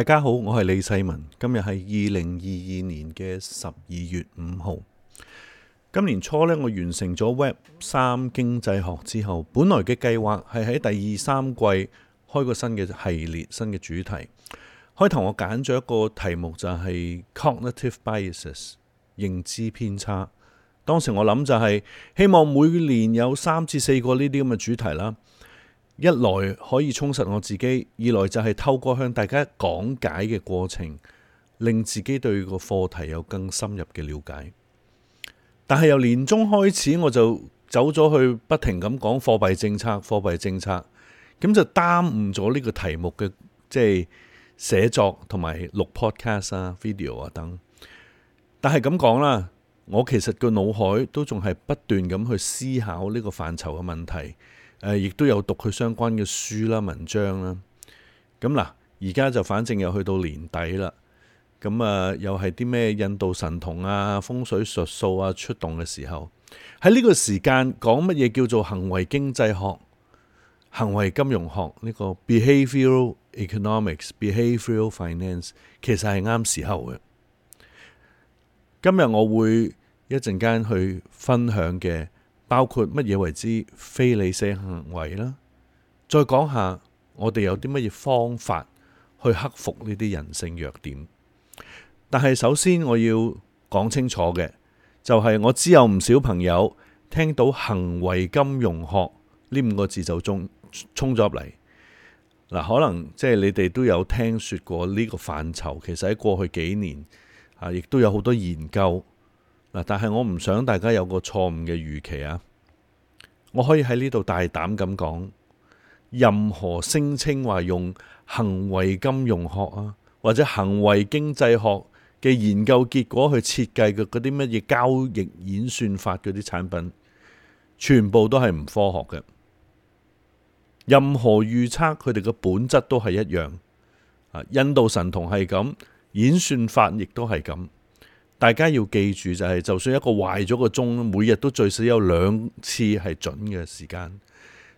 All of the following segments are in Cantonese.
大家好，我係李世民。今日係二零二二年嘅十二月五號。今年初呢，我完成咗 Web 三經濟學之後，本來嘅計劃係喺第二三季開個新嘅系列，新嘅主題。開頭我揀咗一個題目就係 cognitive biases 認知偏差。當時我諗就係希望每年有三至四個呢啲咁嘅主題啦。一來可以充實我自己，二來就係透過向大家講解嘅過程，令自己對個課題有更深入嘅了解。但係由年中開始，我就走咗去，不停咁講貨幣政策、貨幣政策，咁就耽誤咗呢個題目嘅，即係寫作同埋錄 podcast 啊、video 啊等等。但係咁講啦，我其實個腦海都仲係不斷咁去思考呢個範疇嘅問題。誒，亦都有讀佢相關嘅書啦、文章啦。咁嗱，而家就反正又去到年底啦。咁啊，又係啲咩印度神童啊、風水術數啊出動嘅時候，喺呢個時間講乜嘢叫做行為經濟學、行為金融學呢個 Behavioral Economics、Behavioral Finance，其實係啱時候嘅。今日我會一陣間去分享嘅。包括乜嘢為之非理性行為啦，再講下我哋有啲乜嘢方法去克服呢啲人性弱點。但係首先我要講清楚嘅，就係、是、我知有唔少朋友聽到行為金融學呢五個字就沖沖咗入嚟。嗱，可能即係你哋都有聽說過呢個範疇，其實喺過去幾年啊，亦都有好多研究。但係我唔想大家有個錯誤嘅預期啊。我可以喺呢度大膽咁講，任何聲稱話用行為金融學啊，或者行為經濟學嘅研究結果去設計嘅嗰啲乜嘢交易演算法嗰啲產品，全部都係唔科學嘅。任何預測佢哋嘅本質都係一樣。印度神童係咁，演算法亦都係咁。大家要記住就係，就算一個壞咗個鐘，每日都最少有兩次係準嘅時間，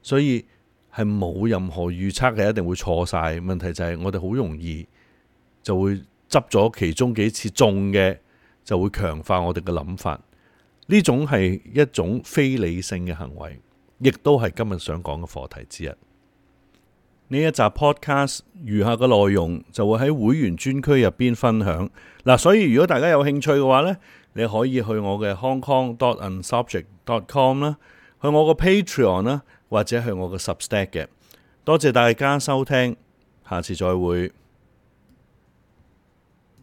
所以係冇任何預測嘅，一定會錯晒。問題就係我哋好容易就會執咗其中幾次中嘅，就會強化我哋嘅諗法。呢種係一種非理性嘅行為，亦都係今日想講嘅課題之一。呢一集 podcast 餘下嘅內容就會喺會員專區入邊分享嗱、啊，所以如果大家有興趣嘅話咧，你可以去我嘅 hongkong dot unsubject dot com 啦，去我個 Patreon 啦，或者去我個 substack 嘅。多謝大家收聽，下次再會。